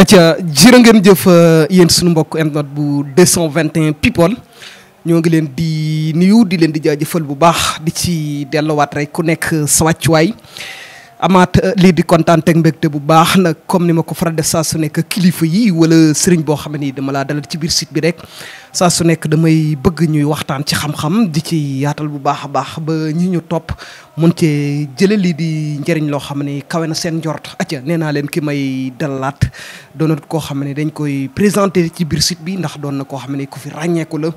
acca jërë ngeen jëf euh, yéen suñu mbokk internet bu 221 people ñoo ngi leen di nuyu di leen di jaajëfal bu baax di ci delluwaat rek ku nekk euh, sa wàccuwaay amaat euh, lii di kontaan ak mbégte bu baax nag comme ni ma ko faral def saa su nekk kilifa yi wala sëriñ boo xam ne dama laa dalal ci biir site bi rek saa su nekk damay bëgg ñuy waxtaan ci xam-xam di ci yaatal bu baax a baax ba ñi ñu topp mun cee jëlee lii di njëriñ loo xam ne kawe na seen njort acca nee naa leen ki may dalaat doon na koo xam ne dañ koy présenter ci biir site bi ndax doon na koo xam ne ku fi ràññeeku la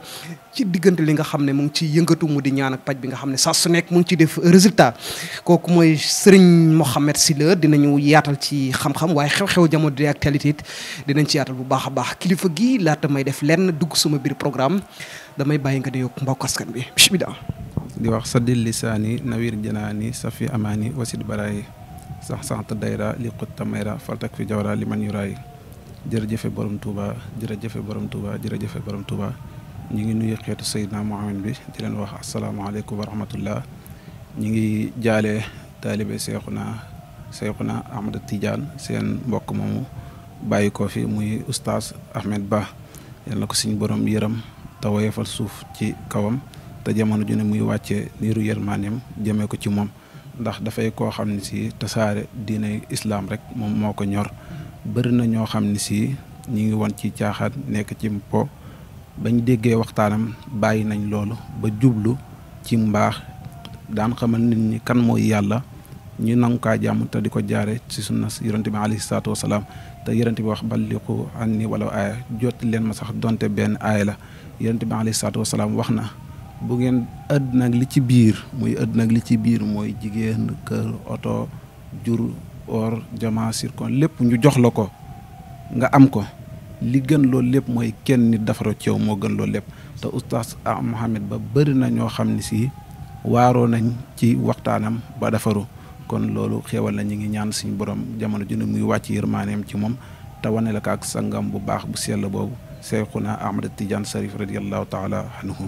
ci diggante li nga xam ne mu ngi ci yëngatu mu di ñaan ak paj bi nga xam ne saa su nekk mu ngi ciy def résultat kooku mooy Serigne Mohamed Sylla dinañu yaatal ci xam-xam waaye xew-xew jamono di actualité dinañ ci yaatal bu baax a baax kilifa gii laata may def lenn dugg suma biir programme damay bàyyi nga nuyoog mbokk askan bi bismillah di wax saddil lisaani nawir janaani safi amaani wasid baraayi sax sant dayra li xutta mayra faltak fi jawra li man yuraayi jërëjëfe borom Touba jërëjëfe borom Touba jërëjëfe borom Touba ñu ngi nuyu xeetu Seydina Muhammad bi di leen wax asalaamaaleykum wa rahmatullah ñu ngi jaale taalibe Seexuna Seexuna Ahmada Tidiane seen mbokk moomu bàyyi ko fi muy oustaz Ahmed Ba yal na ko suñu borom yërëm te woyefal suuf ci kawam te jamono ju ne muy wàcce niiru yërmaaneem jëmee ko ci moom ndax dafay koo xam ne si tasaare diine islaam rek moom moo ko ñor bëri na ñoo xam ne si ñu ngi woon ci caaxaan nekk ci po bañ déggee waxtaanam bàyyi nañ loolu ba jublu ci mbaax daan xamal nit ñi kan mooy yàlla ñu nangu kaa jàmm te di ko jaare ci sunna yonente bi alayhi salaatu wasalaam te yonente bi wax balliqu anni wala aaya jot leen ma sax donte benn aaya la yonente bi alayhi salaatu wasalaam wax na bu ngeen àdduna ak li ci biir muy àdduna ak li ci biir mooy jigéen kër oto jur or jama sirkon lépp ñu jox la ko nga am ko li gën loolu lépp mooy kenn nit defaru ci yow moo gën loolu lépp te oustaz ah Mohamed ba bëri na ñoo xam ne si waaroo nañ ci waxtaanam ba defaru kon loolu xewal la ñu ngi ñaan suñu borom jamono ju ne muy wàcc yërmaaneem ci moom te wane la ko ak sangam bu baax bu sell boobu Seyxuna Ahmad Tidiane Sarif radiyallahu taala anhu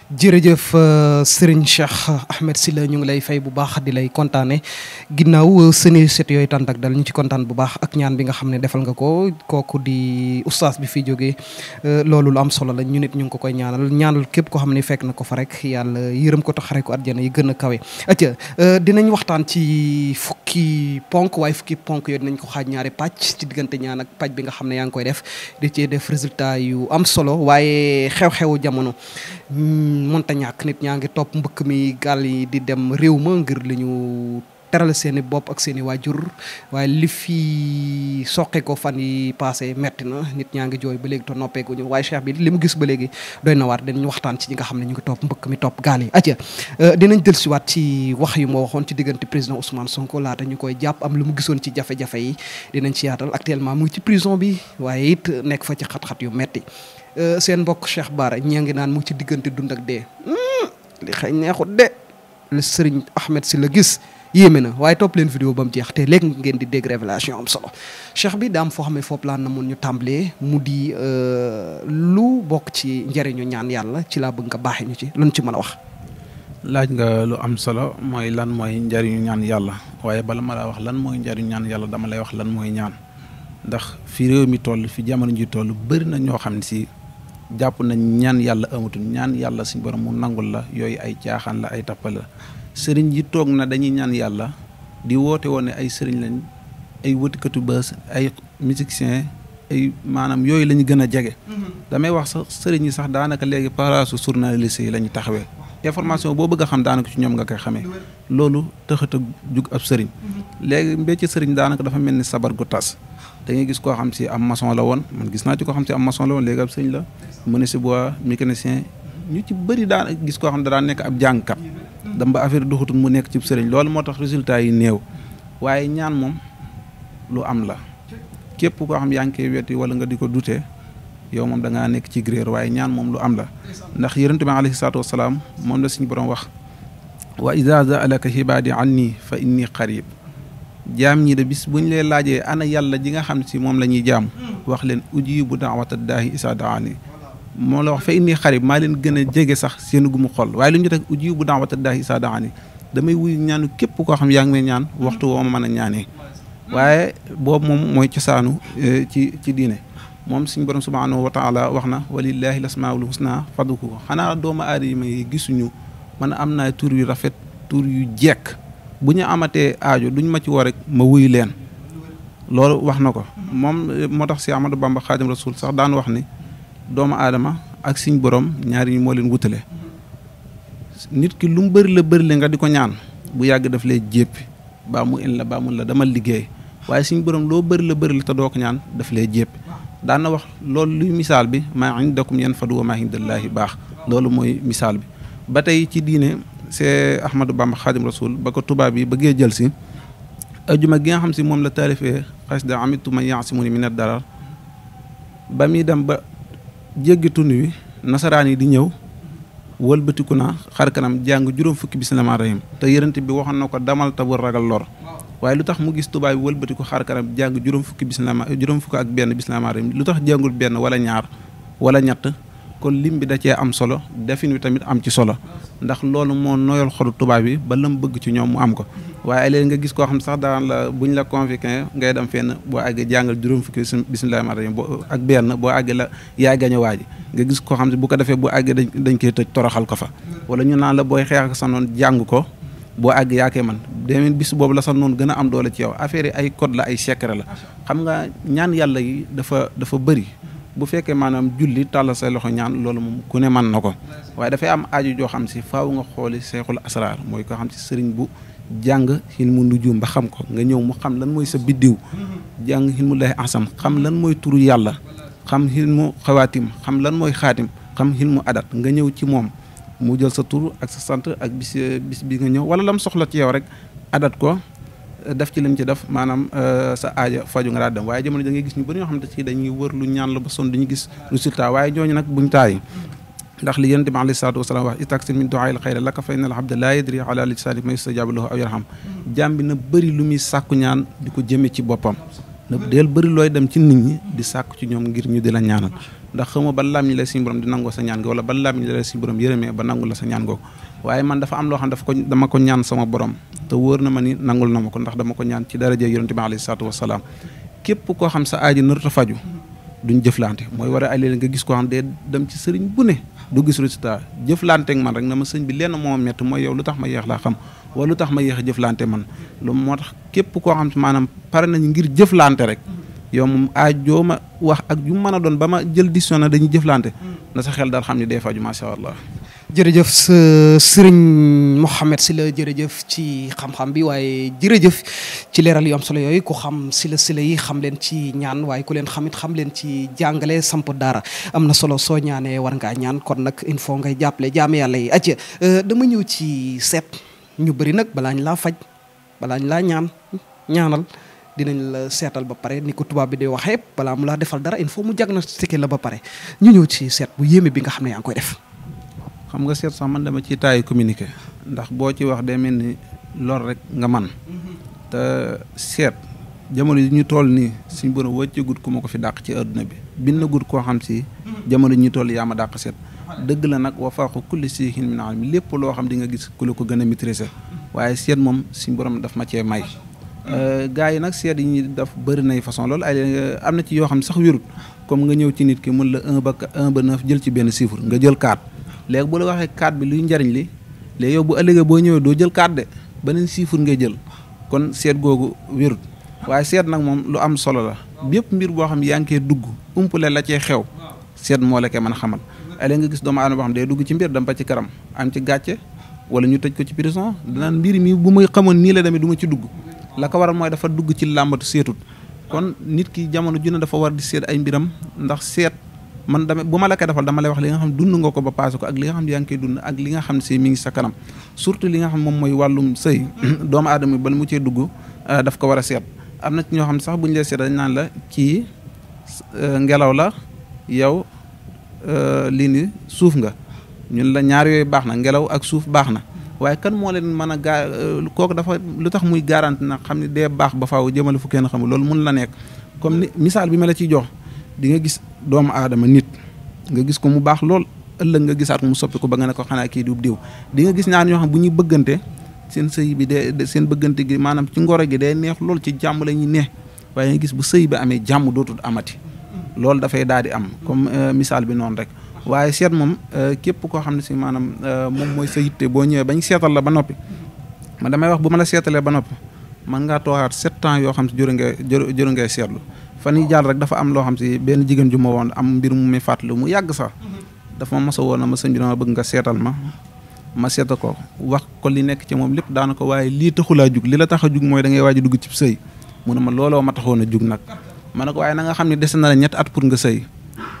jërëjëf euh, Serigne Cheikh Ahmed Sylla ñu ngi lay fay bu baax di lay kontaane ginnaaw euh, seni set yooyu tànt ak dal ñu ci kontaan bu baax ak ñaan bi nga xam ne defal nga ko kooku di oustaz bi fi jógee euh, loolu lu am solo la ñu nit ñu ngi ko koy ñaanal ñaanal képp koo xam ne fekk na ko fa rek yàlla yërëm ko taxare ko yi gën a kawe atia dinañ waxtaan ci fukki ponk waaye fukki ponk yooyu dinañ ko xaaj ñaari pàcc ci diggante ñaan ak pàcc bi nga xam ne yaa ngi koy def di ci def résultat yu am solo waaye xew xew jamono hmm, mënta ñàkk nit ñaa ngi topp mbëkk mi gaal yi di dem réew ma ngir li ñu teral seeni bopp ak seeni waajur waaye li fi soqe ko fan yi passé metti na nit ñaa ngi jooy ba léegi te noppeeku ñu waaye cheikh bi li mu gis ba léegi doy na waar dinañ waxtaan ci ñi nga xam ne ñu ngi topp mbëkk mi topp gaal yi aja euh, dinañ dellu siwaat ci wax yu ma waxoon ci diggante président Ousmane sunko laata ñu koy jàpp am lu mu gisoon ci jafe-jafe yi dinañ ci yaatal actuellement mu ci prison bi waaye it nekk fa ci xat yu metti Euh, seen mbokk Cheikh Bara ñee ngi naan mu ci diggante dund ak dee hmm, li xëy neexut de sëriñ Ahmed si la gis yéeme na waaye topp leen vidéo ba mu jeex te léegi ngeen di dégg révélation am solo cheikh bi daam foo xam ne foofu laa na mun ñu tàmbalee mu di euh, lu bokk ci njëriñu ñaan yàlla ci laa bëgg nga baaxee ci lan ci mën a wax. laaj nga lu am solo mooy lan mooy njëriñu ñaan yàlla waaye bala ma laa wax lan mooy njëriñu ñaan yàlla dama lay wax lan mooy ñaan ndax mi toll fi ji toll bëri na ñoo xam si jàpp nañ ñaan yàlla amatul ñaan yàlla suñ borom mu nangul la yooyu ay caaxaan la ay tappal la sëriñ ji toog na dañuy ñaan yàlla di woote woon ne ay sëriñ lañ ay wëtkatu bës ay musicien ay maanaam yooyu la ñu gën a jege mhm. damay wax sax sëriñ yi sax daanaka léegi paraasu journaliste yi la ñu taxawee information boo bëgg a xam daanaka ci ñoom nga koy xamee mhm. loolu tëxat a jug ab sëriñ mhm. léegi mbécc sëriñ daanaka dafa mel ni sabar gu tas da gis koo xam si am maçon la woon man gis naa ci koo xam si am maçon la woon léegi ab sëñ la menuisier bois mécanicien ñu ci bëri daan gis koo xam ne daan nekk ab jàngkat damba ba affaire duxutul mu nekk ci sëriñ loolu moo tax résultat yi néew waaye ñaan moom lu am la képp koo xam yaa ngi koy weti wala nga di ko dute yow moom da ngaa nekk ci gréer waaye moom lu am la ndax yonent bi alayhi salaatu moom la suñu borom wax wa iza zaalaka xibaadi nii fa inni qarib jaam ñii de bis bu ñu leen laajee ana yàlla ji nga xam ne si moom la ñuy jaam wax leen uji bu daawata daahi isa daani moo la wax fa inni xarib maa leen gën a jege sax seen gumu xol waaye lu ñu rek uji bu daawata daahi isa daani damay wuy ñaanu képp koo xam yaa ngi may ñaan waxtu woo ma mën a ñaanee waaye boobu moom mooy cosaanu eh, ci ci diine moom suñ borom subhaanahu wa taala wax na walillahi lasmaul husna fadduko xanaa doomu aadama yi gisuñu man am naa tur yu rafet tur yu jekk bu ñu amatee aajo duñ ma ci woo rek ma wuyu leen loolu wax na ko moom moo tax si Amadou Bamba Xaadim Rasul sax daan wax ni doomu aadama ak suñ boroom ñaar ñi moo leen wutale nit ki lu mu bëri la bari la nga di ko ñaan bu yàgg daf lay jéppi baa mu in la baa mun la dama liggéey waaye suñ borom loo bëri la bëri la doo ko ñaan daf lay jéppi daan wax loolu luy misaal bi maa indakum yan fadu wa maa indallaahi baax loolu mooy misaal bi ba tey ci diine see Ahmadou Bamba Xaadim Rasul ba ko tubaab yi bëggee jël si ajuma gi nga xam si moom la taalifee xasida amitu man yaasimuni mina dara ba muy dem ba jéggi tund wi nasaraan yi di ñëw wëlbatiku na xar kanam jàng juróom fukki bismillaahi rahim te yërënt bi waxoon na ko damal ta bu ragal lor waaye lu tax mu gis tubaab wëlbatiku xar kanam jàng juróom fukki juróom fukk ak benn bismillaahi rahim lu tax jàngul benn wala ñaar wala ñett kon lim bi da cee am solo defin wi tamit am ci solo ndax loolu moo noyal xolu tubaab yi ba lam bëgg ci ñoom mu am ko waaye léegi nga gis koo xam sax daan la buñ la convoqué ngay dem fenn boo àggee jàngal juróom fukki bismillahi rahmaani rahiim boo ak benn boo àggee la yaa gañ waa nga gis koo xam ne bu ko defee bu àggee dañ dañ koy tëj toroxal ko fa wala ñu naan la booy xeex ak sa noon jàng ko boo àgg yaa koy man demeen bis boobu la sa noonu gën a am doole ci yow affaire yi ay code la ay secret la xam nga ñaan yàlla yi dafa dafa bëri bu fekkee maanaam julli tàllal say loxo ñaan loolu moom ku ne man na ko waaye dafay am aaju joo xam si faaw nga xooli seexul asraar mooy ko xam si sëriñ bu jàng xilmu nujum ba xam ko nga ñëw mu xam lan mooy sa biddiw jàng xilmu lay asam xam lan mooy turu yàlla xam xilmu xawaatim xam lan mooy xaatim xam mu adat nga ñëw ci moom mu jël sa tur ak sa sant ak bis bis bi nga ñëw wala lam soxla ci yow rek adat ko def ci lim ci def maanaam euh, sa aaja faju nga daal dem waaye jamono da ngay gis ñu bëri ñoo xam ne ci dañuy wër lu ñaan la ba son dañuy gis résultat waaye ñooñu nag buñ taay ndax li yonent bi alayhi salaatu wasalaam wax istaksir min duaayil xayra laka fa innal abda laa yadri ala lisaani ma yustajaabu lahu aw yarham jaam bi na bari lu muy sàkku ñaan di ko jëme ci boppam del bëri looy dem ci nit ñi di sàkk ci ñoom ngir ñu di la ñaanal ndax xawma ba lam ñi la suñu borom di nangoo sa ñaan gi wala ba lam ñi la suñu borom yërëmee ba nangu la sa ñaan googu waaye man dafa am loo xam dafa ko dama ko ñaan sama borom te wóor na ma ni nangul na ma ko ndax dama ko ñaan ci daraja yonente bi alayhi salaatu wasalaam képp koo xam sa aaji narut a faju duñ jëflante mooy war a aleel nga gis koo xam dee dem ci sëriñ bu ne du gis si jëflante ak man rek na ma sëñ bi lenn moo mett mooy yow lu tax ma yeex laa xam walu tax ma yéex jëflante man lu moo tax képp ko xam maanaam pare nañ ngir jëflante rek yow moom aajoo ma wax ak ju mën a doon ba ma jël décision na dañuy jëflante na sax xel daal xam ne des fois ju macha allah. jërëjëf sëriñ Mouhamed Sylla jërëjëf ci xam bi waaye jërëjëf ci leeral yu solo yooyu ku xam Sylla Sylla yi xam leen ci ñaan waaye ku leen xamit xam leen ci jàngale samp daara am na solo soo ñaanee war ñaan kon nag il faut ngay jàppale jaam yàlla yi acca euh, dama ñëw ci seet. ñu bëri nag balaañ laa faj balaañ laa ñaan ñaanal dinañ la seetal ba pare ni ko tubaab bi di waxee balaa mu laa defal dara il faut mu na diagnostiqué la ba pare ñu ñëw ci seet bu yéeme bi nga xam ne yaa ngi koy def. xam nga seet sax man dama ciy taayu communiqué ndax boo ci wax day mel ni lor rek nga man mm-hmm. te seet jamono yi ñu tool nii suñu borom wëcceegut ku ma ko fi dàq ci adduna bi bind na gudd koo xam si mm-hmm. jamono yi ñu toll yaa ma dàq seet. dëgg la nag wa faaxu kulli siihin min almi lépp loo xam di nga gis ku ko gën a maîtriser waaye seet moom suñ borom daf ma cee may euh, gars yi nag seet yi ñu def bëri nay façon loolu ay euh, am na ci yoo xam sax wérut comme nga ñëw ci nit ki mën la un ba un jël ci benn chiffre nga jël quatre léegi bu la waxee quatre bi luy njariñ li léegi yow bu ëllëgee boo ñëwee doo jël quatre de beneen chiffre ngay jël kon seet googu wérut waaye seet nag moom lu am solo la bépp mbir boo xam yaa ngi koy dugg umpale la cee xew seet moo la koy mën a xamal ale nga gis doomu aadama boo dugg ci mbir dem ba ci karam am ñu tëj ko ci prison danaan mbir mi bu muy xamoon nii la demee du ci dugg la ko waral mooy dafa dugg ci làmbatu seetut kon nit ki jamono ju ne dafa war di ay mbiram ndax seet man dama bu ma la koy dama lay wax li nga xam dund nga ko ba ko ak li nga xam ne yaa ngi koy ak nga xam ne si ngi sa kanam surtout li nga xam moom mooy wàllum sëy doomu aadama bala mu cee dugg euh, daf ko war a seet am na ñoo xam sax bu ñu lay seet dañ naan la kii euh, ngelaw la yow Euh, lii ni suuf nga ñun la ñaar yooyu baax na ngelaw ak suuf baax na waaye kan moo leen mën a gaa euh, kooku dafa lu tax muy garanti na xam ne dee baax ba faaw jëmale fu kenn xamul loolu mun la nekk comme ni misaal bi ma la ciy jox di nga gis doomu aadama nit nga gis ko mu baax lool ëllëg nga gisaat mu soppi ko ba nga ne ko xanaa kii diw diw di nga gis ñaar yoo xam bu ñuy bëggante seen sëy bi de seen bëggante gi maanaam ci ngoro gi day neex lool ci jàmm la ñuy neex waaye gis bu sëy bi amee jàmm dootul amati loolu dafay daal di am comme euh, misaal bi noonu rek waaye seet moom euh, képp koo xam ne si maanaam euh, moom mooy sa yitte boo ñëwee bañ seetal la ba noppi ma damay wax bu ma la seetalee ba noppi man ngaa toogaat sept ans yoo xam si jërë ngay jërë ngay seetlu fan yi jaar rek dafa am loo xam si benn jigéen ju ma woon am mbir mu muy fàttali mu yàgg sax dafa ma mosa woon a ma sëñ bi dama bëgg nga seetal ma ma seetal ko wax ko li nekk ci moom lépp daana ko waaye lii taxulaa jug li la tax a jug mooy da ngay waaj a dugg cib sëy mu ne ma looloo ma taxoon a jug nag ma ne ko waaye na nga xam ne dese na la ñetti at pour nga sëy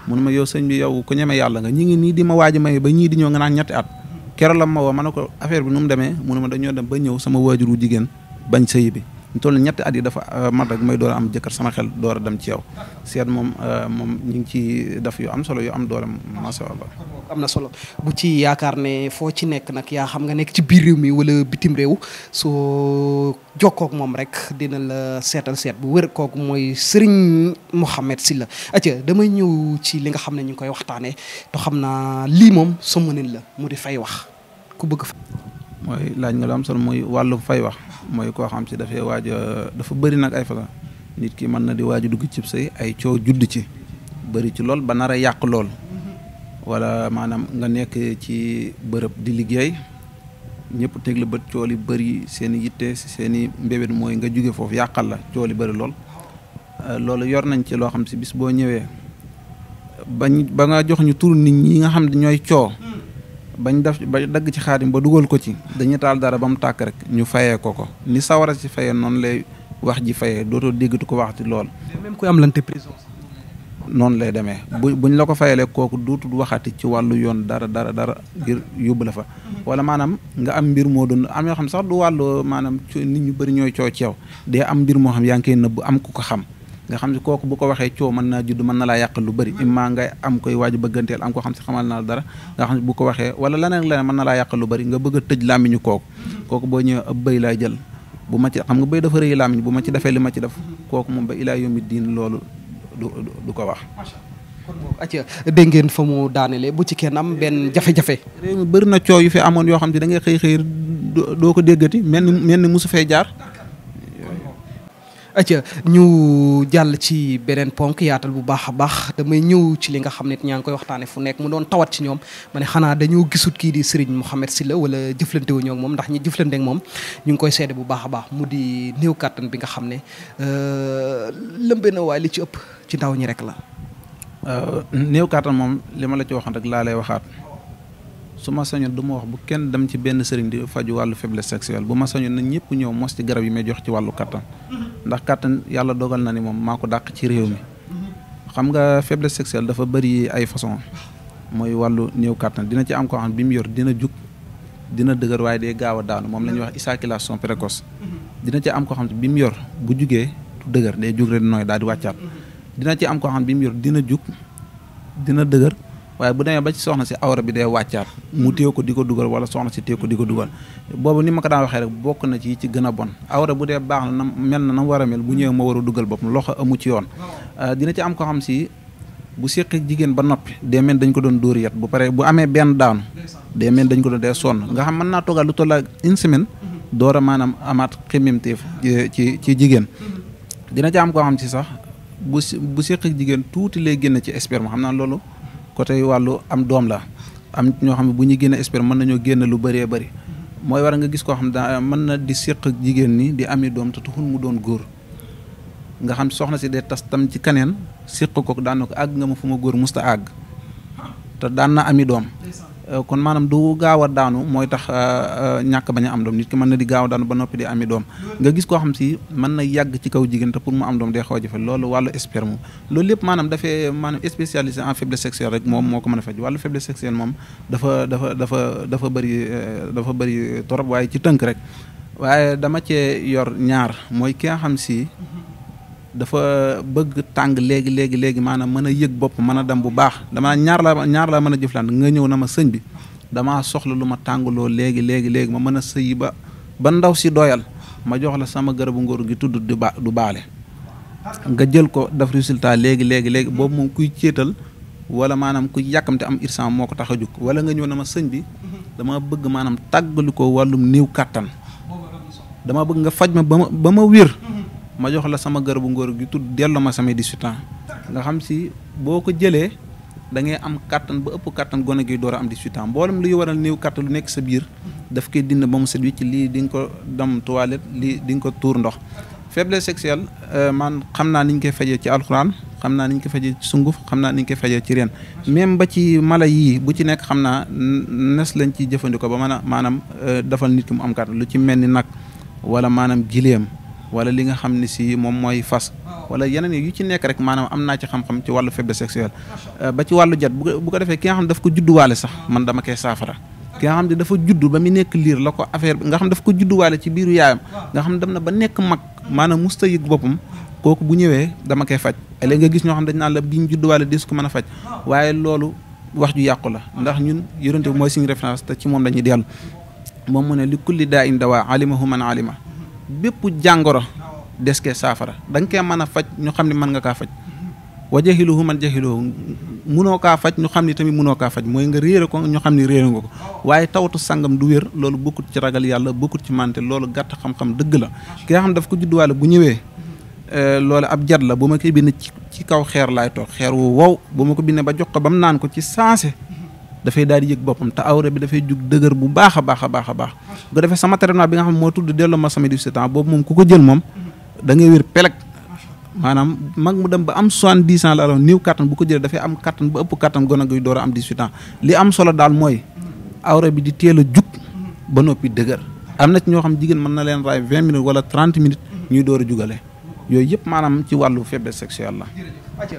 munu ma yow sëñ bi yow ku ñeme yàlla nga ñi ngi nii di ma waaj may ba ñii di ñëw nga naan ñetti at keroog la ma woo ma ne ko affaire bi nu mu demee munu ma dañoo dem ba ñëw sama waajuru jigéen bañ sëy bi ñu toll ñetti at yi dafa euh, mat rek may door a am jëkkër sama xel door a dem ci yow seet moom euh, moom ñu ngi ci def yu am solo yu am doole macha allah. am na solo bu ci yaakaar ne foo ci nekk nag yaa xam nga nekk ci biir réew mi walla bitim réew soo jokkook moom rek dina la seetal seet bu wër kooku mooy sëriñ Serigne si la atia damay ñëw ci li nga xam ne ñu ngi koy waxtaanee te xam naa lii moom sa mënin la mu di fay wax ku bëgg fa mooy laaj nga lu am solo wàllu fay wax mooy koo xam si dafay waaj dafa bari nag ay façon nit ki mën na di waaja dugg cib sëy ay coow judd ci bari ci lool ba nar yàq lool wala maanaam nga nekk ci bërëb di liggéey ñëpp teg la bët cool yi bëri seen i yitte seen i mbébét mooy nga jóge foofu yàqal la cool yi bëri lool euh, loolu yor nañ ci loo xam si bis boo ñëwee bañ ba nga jox ñu tur nit ñi nga xam ne ñooy coow bañ def ba dagg ci xaatim ba dugal ko ci dañuy taal dara ba mu tàkk rek ñu fayee ko ko ni sawara si fayee noonu lay wax ji fayee dootoo déggatu ko waxati lool. même ku am lante prison. noonu lay demee bu buñ la ko fayalee kooku duutul waxati ci wàllu yoon dara dara dara ngir yóbbu la fa. wala maanaam nga am mbir moo doon amee xam sax du wàllu maanaam nit ñu bëri ñooy coow ci yow dee am mbir moo xam yaa ngi koy nëbb am ku ko xam. nga xam ne kooku bu ko waxee coow mën naa judd man na laa yàqal lu bëri imma ngay am koy waaju bëgganteel am ko xam si xamal naa dara nga xam ne bu ko waxee wala leneen leneen mën na laa yàqal lu bëri nga bëgg a tëj làmmiñu kooku kooku boo ñëwee bëy laa jël bu ma ci xam nga bëy dafa rëy làmmiñ bu ma ci defee li ma ci def kooku moom ba ilaa yomi diin loolu du du ko wax acca dégg ngeen fa mu daanelee bu ci kenn am benn jafe-jafe réew mi bëri na coow yu fi amoon yoo xam ne da ngay xëy xëy doo ko déggati mel ni mel ni mosu fee jaar atia ñu jàll ci beneen ponk yaatal bu baax a baax damay ñëw ci li nga xam ne ñaa ngi koy waxtaane fu nekk mu doon tawat ci ñoom ma ne xanaa dañoo gisut kii di Serigne Mouhamed Sylla wala jëflante wu ñoo moom ndax ñi jëflante moom ñu ngi koy seede bu baax a baax mu di néew kàttan bi nga xam ne euh, lëmbee na waaye li ci ëpp ci ndaw ñi rek la. Euh, néew kàttan moom li ma la ci waxoon rek laa lay waxaat. su ma sañoon du ma wax bu kenn dem ci benn sëriñ di faju wàllu faiblesse sexuelle bu ma sañoon na ñëpp ñëw mos ci garab yi may jox ci wàllu kattan mm-hmm. ndax kattan yàlla dogal na ni moom maa ko dàq ci réew mi mm-hmm. xam nga faiblesse sexuelle dafa bëri ay façon mooy wàllu new kattan dina ci am koo xam bi mu yor dina jug dina dëgër waaye day gaaw a daanu moom la ñuy wax éjaculation précoce mm-hmm. dina ci am koo bi mu yor bu jugee du dëgër day jug rek nooy daal di wàccaat dina ci am koo xam ne bi mu yor dina jug dina dëgër waaye bu demee ba ci soxna si awra bi dee wàccaat mu téye ko di ko dugal wala soxna si téye ko di ko dugal boobu ni ma ko daan waxee rek bokk na ci ci gën a bon awra bu dee baax na nam mel na nam war a mel bu ñëwee ma war a dugal boppam loxo amu ci yoon euh, dina ci am ko xam si bu séqi jigéen ba noppi dee dañ ko doon dóor yat bu pare bu amee benn daanu dee mel dañ ko doon dee sonn nga xam mën naa toogal lu toll une semaine door a maanaam amaat xemmimteef ci ci jigéen dina ci am koo xam si sax bu bu séqi jigéen tuuti lay génn ci sperme xam naa loolu côté wàllu am doom la am ñoo xam ne bu ñu génne sperme mën nañoo génn lu bëree bari mooy war nga gis koo xam daa mën na di séq jigéen ni di ami doom te taxul mu doon góor nga xam soxna si dee tas tam ci kaneen séq ko daan ko àgg nga ma fu ma góor musta àgg te daan na ami doom Euh, kon maanaam du gaaw a daanu mooy tax euh, euh, ñàkk bañ a am doom nit ki mën na di gaaw daanu ba noppi di ami doom nga gis koo xam si mën na yàgg ci kaw jigéen te pour mu am doom day xaw a jafe loolu wàllu sperme loolu lépp maanaam dafee maanaam spécialisé en faiblesse sexuelle rek moom moo ko mën a faj wàllu faiblesse sexuelle moom dafa dafa dafa dafa bëri dafa bëri torop waaye ci tënk rek waaye dama cee yor ñaar mooy ki xam si dafa bëgg tàng léegi léegi léegi maanaam mën a yëg bopp mën a dem bu baax damaa ñaar laa ñaar laa mën a jëflaan nga ñëw na ma sëñ bi damaa soxla lu ma tàngaloo léegi léegi léegi ma mën a sëyi ba ba ndaw si doyal ma jox la sama garabu ngóor gi tudd du ba du baale nga jël ko daf résultat léegi léegi léegi boobu moom kuy céetal wala maanaam ku yàkkamte am irsan moo ko tax a jóg wala nga ñëw na ma sëñ bi dama bëgg maanaam tàggalikoo wàllum néew kàttan dama bëgg ma jox la sama garabu ngóor gi tudd delloo ma samay 18 ans nga xam si boo ko jëlee da ngay am kattan ba ëpp kattan gone gi door a am 18 ans mboolem luy waral néew kattan lu nekk sa biir daf koy dind ba mu set wi ci lii di ko dem toilette lii di nga ko tuur ndox. faiblesse sexuelle euh, man xam naa ni ñu koy fajee ci alxuraan xam naa ni ñu fajee ci sunguf xam naa ni ñu koy fajee ci reen même ba ci mala yii bu ci nekk xam naa nes lañ ciy jëfandikoo ba mana a maanaam euh, dafal nit ki am kattan lu ci mel ni nag wala maanaam gileem. wala li nga xam ne si moom mooy fas wala yeneen yu ci nekk rek maanaam am naa ci xam-xam ci wàllu faiblesse sexuelle euh, ba ci wàllu jat bu ko defee ki xam ne daf ko judduwaale sax ah. man dama koy saafara ki xam ne dafa juddu ba mu nekk liir la ko affaire bi nga xam daf ko judduwaale ci biiru yaayam ah. nga xam dem na ba nekk mag maanaam musta yëg boppam kooku bu ñëwee dama koy faj léegi nga gis ñoo xam dañ naan la bi ñu judduwaale dis ko mën a faj ah. waaye loolu wax ju yàqu la ndax ñun yonent mooy suñu référence te ci moom dañuy dellu moom mu ne li kulli daa in dawaa alimahu man alima bépp jàngoro des kee saafara da nga koy mën a faj ñu xam ne mën nga kaa faj wa jahiluhu man jahiluhu munoo kaa faj ñu xam ne tamit munoo kaa faj mooy nga réere ko ñu xam ni réere nga ko waaye tawatu sangam du wér loolu bokkut ci ragal yàlla bokkut ci mante loolu gàtt xam-xam dëgg la ki nga xam daf ko judduwaale bu ñëwee eh, loolu ab jat la bu ma koy bind ci kaw xeer laay toog xeer wu wow bu ma ko bindee ba jox ko ba mu naan ko ci saase dafay daal di yëg boppam te awra bi dafay jug dëgër bu baax a baax a baax a baax bu ko defee sama bi nga xam ne moo tudd delloo ma sama 17 ans boobu moom ku ko jël moom da ngay wér peleg maanaam mag mu dem ba am soixante-dix ans la alors néew kattan bu ko jëlee dafay am kattan ba ëpp kattan gone door am 18 ans li am solo daal mooy awra bi di teel a jug ba noppi dëgër am na ci ñoo xam jigéen mën na leen raay vingt minutes wala trente minutes ñuy door a jugale yooyu yëpp maanaam ci wàllu faiblesse sexuelle la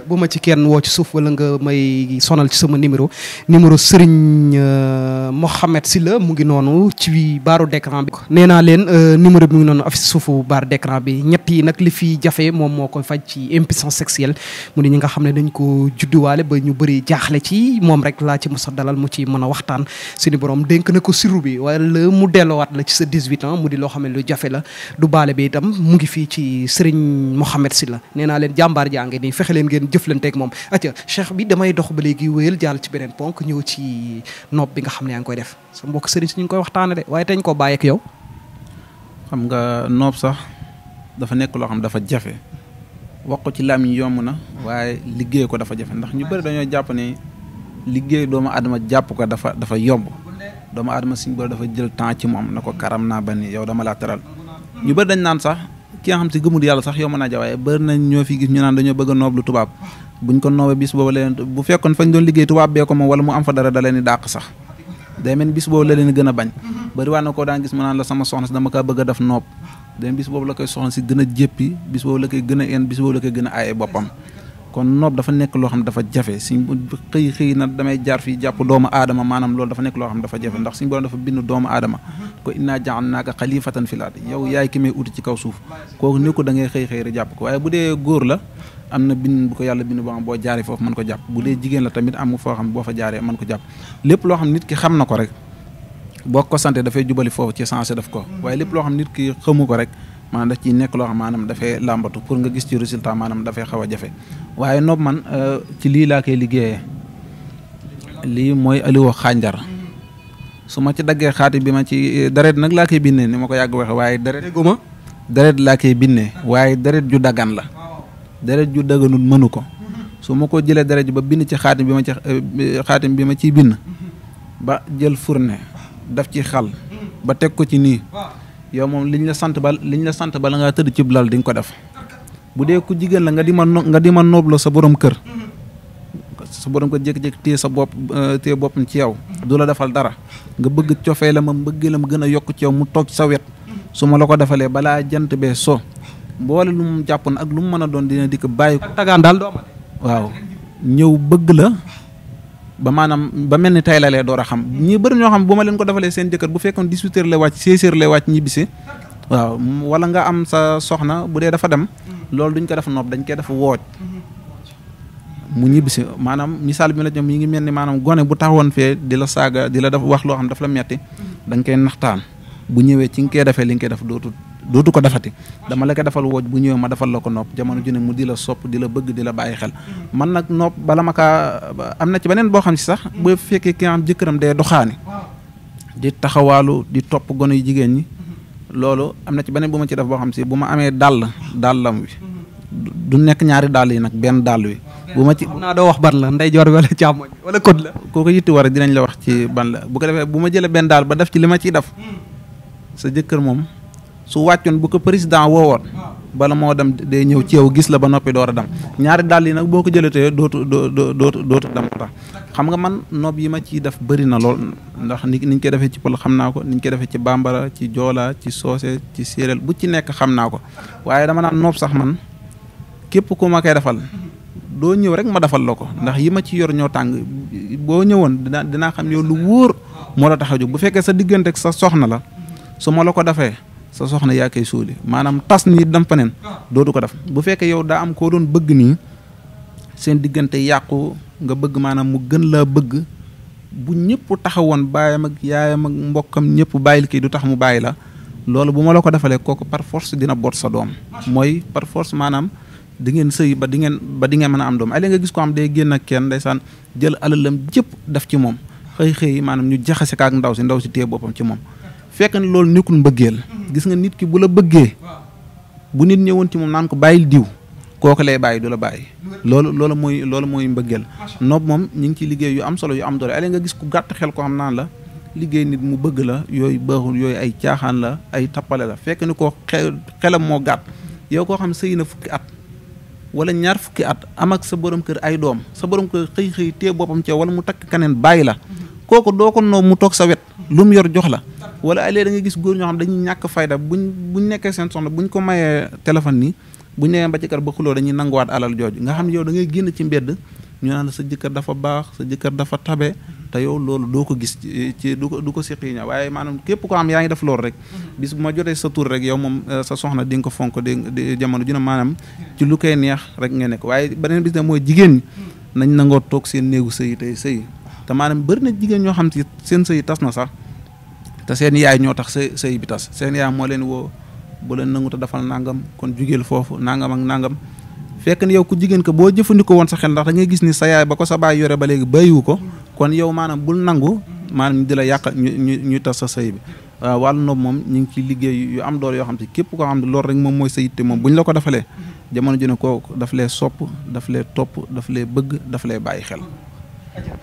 bu ma ci kenn woo ci suuf wala nga may sonal ci sama numéro numéro Serigne euh, Mohamed Sylla mu ngi noonu ci baaru d'écran bi. nee naa leen euh, numéro bi mu ngi noonu af suufu baaru d'écran bi ñett yi nag li fi jafe moom moo koy faj ci impuissance sexuelle mu ne ñi nga xam ne dañ ko judduwaale ba ñu bëri jaaxle ci moom rek laa ci mos a dalal mu ci mën a waxtaan suñu borom dénk na ko siru bi wala mu dellowaat la ci sa 18 ans mu di loo xam ne lu jafe la du baale bi itam mu ngi fii ci Serigne Mohamed Sylla nee naa ngeen jëflanteeg moom atia cheikh bi damay dox ba léegi wéyal jàll ci beneen ponk ñëw ci nopp bi nga xam ne yaa koy def sa mbokk sëriñ si ñu ngi koy waxtaane de waaye teñ ko bàyyi ak yow nga nopp sax dafa nekk loo xam dafa jafe wax ko ci làmmiñ yomb na waaye liggéey ko dafa jafe ndax ñu bëri dañoo jàpp ne liggéey doomu adama jàpp ko dafa dafa yomb doomu adama suñu bëri dafa jël temps ci moom na ko karam naa ba ni yow dama laa teral ñu bëri dañ naan sax ki nga xam si gëmul yàlla sax yomb naa ja waaye bari ñoo fi gis ñu naan dañoo bëgg a noob lu tubaab buñ ko noobee bis boobu la leen bu fekkoon fañ doon liggéey tubaab bee ko moom wala mu am fa dara da leen di dàq sax day mel bis boobu la leen gën a bañ bari waa na koo daan gis mu naan la sama soxna si dama kaa bëgg a def noob day bis boobu la koy soxna si gën a jéppi bis boobu la koy gën a en bis boobu la koy gën a aaye boppam kon noob dafa nekk loo xam dafa jafe suñ xëy xëy na damay jaar fii jàpp doomu adama maanaam loolu dafa nekk loo xam dafa jafe ndax suñu borom dafa bind doomu aadama ko innaa ja'alnaaka xalifatan fil ard yow yaay ki may uti ci kaw suuf kooku ni ko da ngay xëy xëy rek jàpp ko waaye bu dee góor la am na bind bu ko yàlla bind boo xam boo jaaree foofu mën ko jàpp bu dee jigéen la tamit am foo xam boo fa jaaree mën ko jàpp lépp loo xam nit ki xam na ko rek boo ko sante dafay jubali foofu ci sensé daf ko waaye lépp loo xam nit ki xamu ko rek maanaam daf ciy nekk loo xam maanaam dafay làmbatu pour nga gis ci résultat maanaam dafay xaw a jafe waaye nopp man euh, ci lii laa koy liggéeyee lii mooy aliwo xànjar su ma ci daggee xaati bi ma ci euh, deret nag laa koy bindee ni ma ko yàgg waxee waaye deret dégguma deret laa koy waaye deret ju dagan la deret ju daganul mënu ko su ma ko jëlee deret ba bind ci xaatim bi ma ci euh, xaatim bi ma ciy bind ba jël fourne daf ci xal ba teg ko ci nii yow moom liñ la sant ba liñ la sant bala ngaa tëdd cib lal di ko def bu dee ku jigéen la nga di ma nga di ma noob la sa borom kër sa borom kër jékki-jékki sa bopp euh, téye boppam ci yow du la defal dara nga bëgg cofee la ma mbëggee la ma gën a yokk ci yow mu toog sa wet su ma la ko defalee balaa jant bee so mboole lu mu jàppoon ak lu mu mën a doon dina dikk bàyyi tagaan daal waaw ñëw bëgg la ba maanaam ba mel ni tay la lee door a xam ñi bëri ñoo xam bu ma leen ko defalee seen jëkkër bu fekkoon 18 heures lay wàcc 16 heures lay wàcc ñibbisi waaw wala nga am sa soxna bu dee dafa dem loolu duñ ko def noop dañ koy def wooj mu ñibbisi maanaam misaal bi la ñoom yi ngi mel ni maanaam gone bu taxawoon fee di la saaga di la def wax loo xam daf la metti dañ koy naxtaan bu ñëwee ci nga koy defee li nga koy def dootul dootu ko defati dama la ko defal wooj bu ñëwee ma defal la ko nopp jamono ji ne mu di la sopp di la bëgg di la bàyyi xel man nag nopp bala ma kaa am na ci beneen boo xam si sax bu fekkee ki nga day doxaani di taxawaalu di topp gone yu jigéen ñi loolu am na ci beneen bu ma ci def boo xam si bu ma amee dàll dàllam wi du nekk ñaari dàll yi nag benn dàll wi bu ma ci xam naa doo wax ban la ndeyjoor wala càmmoñ wala kód la kooku yitti war dinañ la wax ci ban la bu ko defee bu ma jëlee benn daal ba def ci li ma ciy def sa jëkkër moom su wàccoon bu ko président woowoon bala moo dem day ñëw ci yow gis la ba noppi door a dem ñaari dàll yi nag boo ko jëlatee dootu doo dootu dootu dem ko tax xam nga man nob yi ma ciy def bëri na lool ndax ni niñ koy defee ci pël xam naa ko niñ koy defee ci bambara ci joola ci soose ci séeréel bu ci nekk xam naa ko waaye dama naan noob sax man képp ku ma koy defal doo ñëw rek ma defal la ko ndax yi ma ci yor ñëw tàng boo ñëwoon dina dinaa xam yow lu wóor moo la tax a jóg bu fekkee sa digganteek sa soxna la su ma la ko defee sa soxna yaa koy suuli maanaam tas nit dam fa nen dootu ko def bu fekkee yow daa am koo doon bëgg nii seen diggante yàqu nga bëgg maanaam mu gën laa bëgg bu ñëpp taxawoon baayam ak yaayam ak mbokkam ñëpp bàyyil kii du tax mu bàyyi la loolu bu ma la ko defalee kooku par force dina boot sa doom mooy par force maanaam di ngeen sëy ba di ngeen ba di ngeen mën a am doom ale nga gis ko am day génn kenn kenn ndeysaan jël alalam jëpp def ci moom xëy xëy maanaam ñu jaxase kaak ndaw si ndaw si téye boppam ci moom fekk na loolu nekkul mbëggeel mhm. gis nga nit ki bu la bëggee bu nit ñëwoon ci moom naan ko bàyyil diw kooku lay bàyyi du la bàyyi loolu loolu mooy loolu mooy mbëggeel noob moom ñu ngi ci liggéey yu am solo yu am doole ale nga gis ku gàtt xel ko xam naan la liggéey nit mu bëgg la yooyu baaxul yooyu ay caaxaan la ay tappale la fekk ni ko xelam moo gàtt yow koo xam sëy na fukki at wala ñaar fukki at am ak sa borom kër ay doom sa borom kër xëy xëy tee boppam ca wala mu takk keneen bàyyi la mhm. ko doo ko noo mu toog sa wet lu yor jox la wala ay léeg da nga gis góor ñoo xam dañuy ñàkk fayda buñ buñ nekkee seen soxna buñ ko mayee téléphone nii buñ nee ba ci kër ba xuloo dañuy nanguwaat alal jooju nga xam ne yow dangay ngay génn ci mbedd ñu naan sa jëkkër dafa baax sa jëkkër dafa tabe te yow loolu doo ko gis ci du ko du ko siqi waaye maanaam képp ko am yaa ngi def loolu rek bis bu ma jotee sa tur rek yow moom euh, sa soxna di nga ko fonk di jamono ju ne maanaam ci lu koy neex rek nga nekk waaye beneen bis ne mooy jigéen nañ nangoo toog seen néegu sëy tey sëy te maanaam bëri na jigéen ñoo xam te seen sëy tas na sax te seen yaay ñoo tax sëy sëy bi tas seen yaay moo leen woo bu leen nangu te dafal nangam kon jugeel foofu nangam ak nangam fekk ne yow ku jigéen ko boo jëfandikoo woon sa xel ndax da gis ni sa yaay ba ko sa baay yore ba léegi bàyyiwu ko kon yow maanam bul nangu maanaam ñu di la yàq ñu ñu tas sa sëy bi waaw wàllu noob moom ñu ngi ciy liggéey yu am doole yoo xam te képp koo xam ne loolu rek moom mooy sa moom bu ñu la ko defalee jamono ju ne koo daf lee sopp daf lee topp daf lee bëgg daf lee bàyyi xel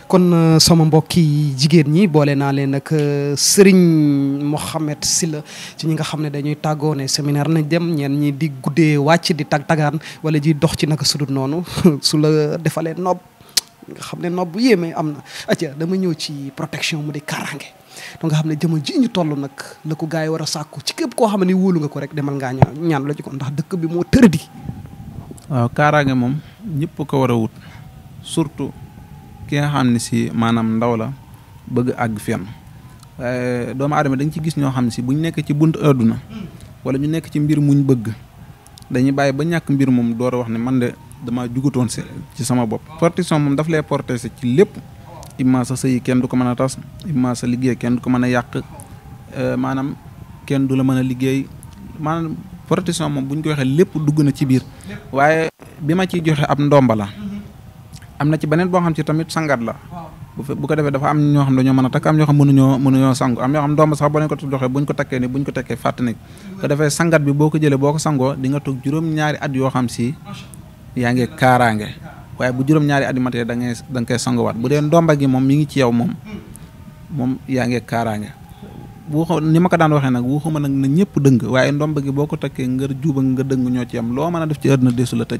kon euh, sama mbokki jigéen ñi boole naa leen nag euh, Serigne Mohamed Sylla ci ñi nga xam ne dañuy tàggoo ne séminaire nañ dem ñeen ñi di guddee wàcc di tag tagaan wala ji dox ci naka sudut noonu su la defalee nopp nga xam ne nopp bu yéemee am na aja dama ñëw ci protection mu di kaaraange donc nga xam ne jamono ji ñu toll nag la ko gars yi war a sàkku ci képp koo xam ne wóolu nga ko rek demal ngaa ñaan ñaan la ci ko ndax dëkk bi moo tëradi. waaw kaaraange moom ñëpp ko war a wut ki nga xam ne si maanaam ndaw la bëgg àgg fenn waaye doomu aadama dañ ci gis ñoo xam ne si bu ñu nekk ci bunt aduna wala ñu nekk ci mbir muñ bëgg dañuy bàyyi ba ñàkk mbir moom door a wax ne man de dama jugatoon si ci sama bopp protection moom daf lay protéger ci lépp imma sa kenn du ko mën a tas imma sa liggéey kenn ko mën a yàq euh, maanaam kenn du la mën a liggéey maanaam protection moom bu ñu ko waxee lépp dugg na ci biir waaye bi ma ciy joxe ab ndomba la am na ci beneen boo xam ci tamit sangat la bu ko defee dafa am ñoo xam dañoo mën a takk am ñoo xam mënuñoo mënuñoo sangu am ñoo xam ndomb sax boo leen ko joxee buñ ko takkee ni mm-hmm. sangat bi boo ko jëlee boo ko sangoo di nga toog juróom-ñaari at yoo xam si yaa ngi kaaraange waaye bu juróom-ñaari at da ngay da nga koy sanguwaat bu dee ndomba gi moom mi ngi ci yow moom mm-hmm. moom yaa ngi kaaraange bu ni ma ko daan waxee nag waxuma na ñëpp dëng waaye ndomba gi boo ko takkee ngër juuba nga dëng ñoo ci yam loo mën a def ci àdduna deesu la tëj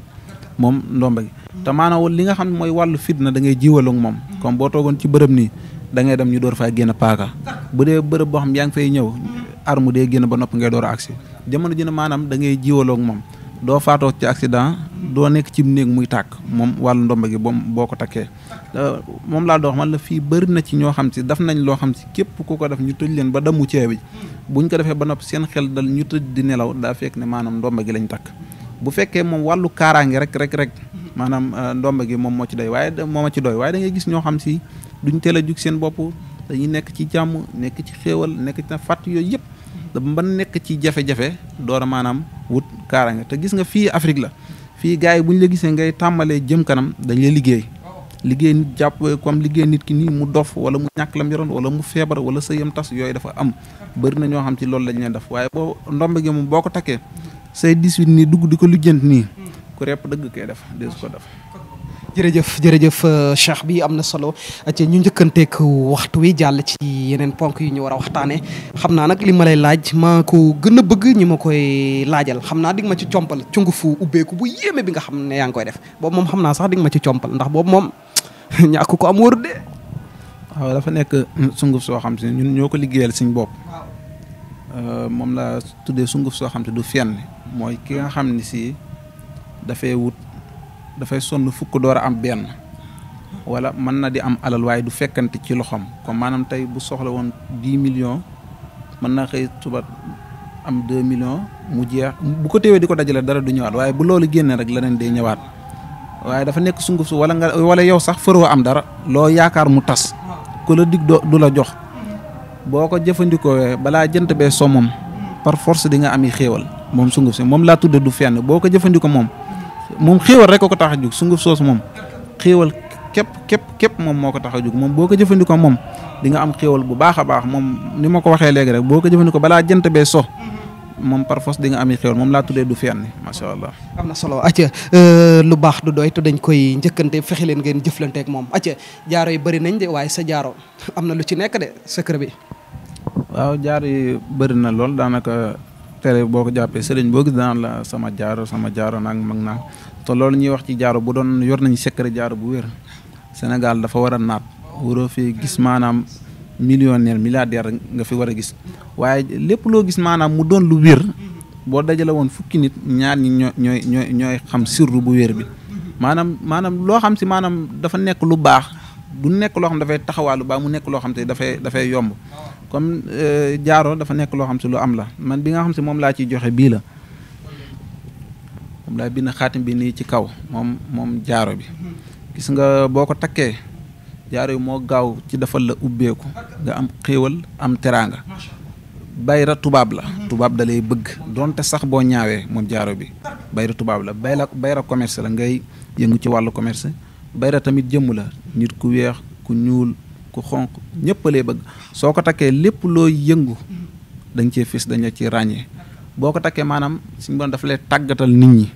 moom ndomba gi te maanaam li nga xam ne mooy wàllu fitna da ngay jiwaloog moom comme boo toogoon ci bërëb nii dangay ngay dem ñu door faa génn paaka bu dee bërëb boo xam yaa ngi fay ñëw armu dee génn ba nopp ngay door a agsi jamono ji ne maanaam da ngay jiwaloog moom doo faatoo ci accident doo nekk ci néeg muy tàkk moom wàllu ndomba gi boom boo ko takkee moom laa doo xamal la fii bëri na ci ñoo xam si daf nañ loo xam si képp ku ko def ñu tëj leen ba damu ceebi buñ ko defee ba nopp seen xel dal ñu tëj di nelaw daa fekk ne maanaam ndomba gi lañ takk bu fekkee moom wàllu kaaraange rek rek rek maanaam euh, ndomba gi moom moo ci doy waaye moo ma ci doy waaye da gis ñoo xam si duñ teel a jug seen bopp dañuy nekk ci jàmm nekk ci xéewal nekk ci fàtt yooyu yëpp ba nekk ci jafe-jafe maanaam wut kaaraange te gis nga fii Afrique la fii gaa yi bu ñu la gisee ngay tàmbalee jëm kanam dañ la liggéey liggéey nit jàpp comme liggéey nit ki nii mu dof wala mu ñàkk lam yoroon wala mu feebar wala sëyam tas yooyu dafa am bëri na ñoo xam ci loolu lañ leen def waaye boo ndomb gi moom boo ko takkee say 18 nii dugg di ko lijjant nii ku repp dëgg koy def deesu ko def. jërëjëf jërëjëf euh, cheikh bi am na solo ci ñu njëkkanteek waxtu wi jàll ci yeneen ponk yu ñu war a waxtaanee xam naa nag li ma lay laaj maa ko gën a bëgg ñu ma koy laajal xam naa di nga ma ci compal cungufu ubbeeku bu yéeme bi nga xam ne yaa ngi koy def boobu moom xam naa sax di nga ma ci compal ndax boobu moom ñàkk ko am wóorut de. waaw dafa nekk sunguf soo xam si ñun ñoo ko liggéeyal suñ bopp. Euh, moom laa tuddee sunguf soo xam te du fenn mooy ki nga xam ne si dafay wut dafay sonn fukk door a am benn wala mën na di am alal waaye du fekkante ci loxoom comme maanaam tey bu soxla woon dix million mën naa xëy suba am deux million mu jeex bu ko téewee di ko dajale dara du ñëwaat waaye bu loolu génnee rek leneen day ñëwaat waaye dafa nekk sunguf su wala nga wala yow sax fëroo am dara loo yaakaar mu tas ku la dig du la jox boo ko jëfandikoo balaa jënt bee so moom par force di nga am i xéewal moom sunguf si moom laa tudde du fenn boo ko jëfandikoo moom moom xéewal rek a ko tax a jug sunguf soosu moom xéewal képp képp képp moom moo ko tax a jug moom boo ko jëfandikoo moom dinga am xéewal bu baax a baax moom ni ma ko waxee léegi rek boo ko jëfandikoo balaa jënt bee so moom par force di nga ami xéwal moom laa tuddee du fenn macha allah. solo acca euh, lu baax du dooy te dañ koy njëkkante fexe leen ngeen jëflanteek moom acca jaaro yi bëri nañ de waaye sa jaaro am na lu ci nekk de secret bi. waaw jaar yi bëri na lool daanaka tere boo ko jàppee sëriñ boo gis daan la sama jaaro sama jaaro nag mag naa te loolu ñuy wax ci jaaro bu doon yor nañ secret jaaro bu wér Sénégal dafa war naat waroo fi gis maanaam millionnaire milliardaire nga fi war a gis waaye lépp loo gis maanaam mu doon lu wér boo dajale woon fukki nit ñaar ñi ñoo ñooy ñooy ñooy xam sirru bu wér bi maanaam maanaam loo xam si maanaam dafa nekk lu baax du nekk loo xam dafay taxawaalu baax mu nekk loo xam te dafay dafay yomb comme jaaro euh, dafa nekk loo xam si lu am la man bi nga xam si moom laa ciy joxe bii la moom laa bind xaatim bi nii ci kaw moom moom jaaro bi gis nga boo ko takkee jaaro yi moo gaaw ci defal la ubbeeku nga am xéewal am teraanga bayra tubaab la tubaab dalay bëgg donte sax boo ñaawee moom jaaro bi bayra tubaab la bay la bayra commerce la ngay yëngu ci wàllu commerce bayra tamit jëmm la nit ku weex ku ñuul ku xonq ñëpp lay bëgg soo ko takkee lépp looy yëngu dañ cee fis dañ la ci ràññee boo ko takkee maanaam suñu borom dafa lay tàggatal nit ñi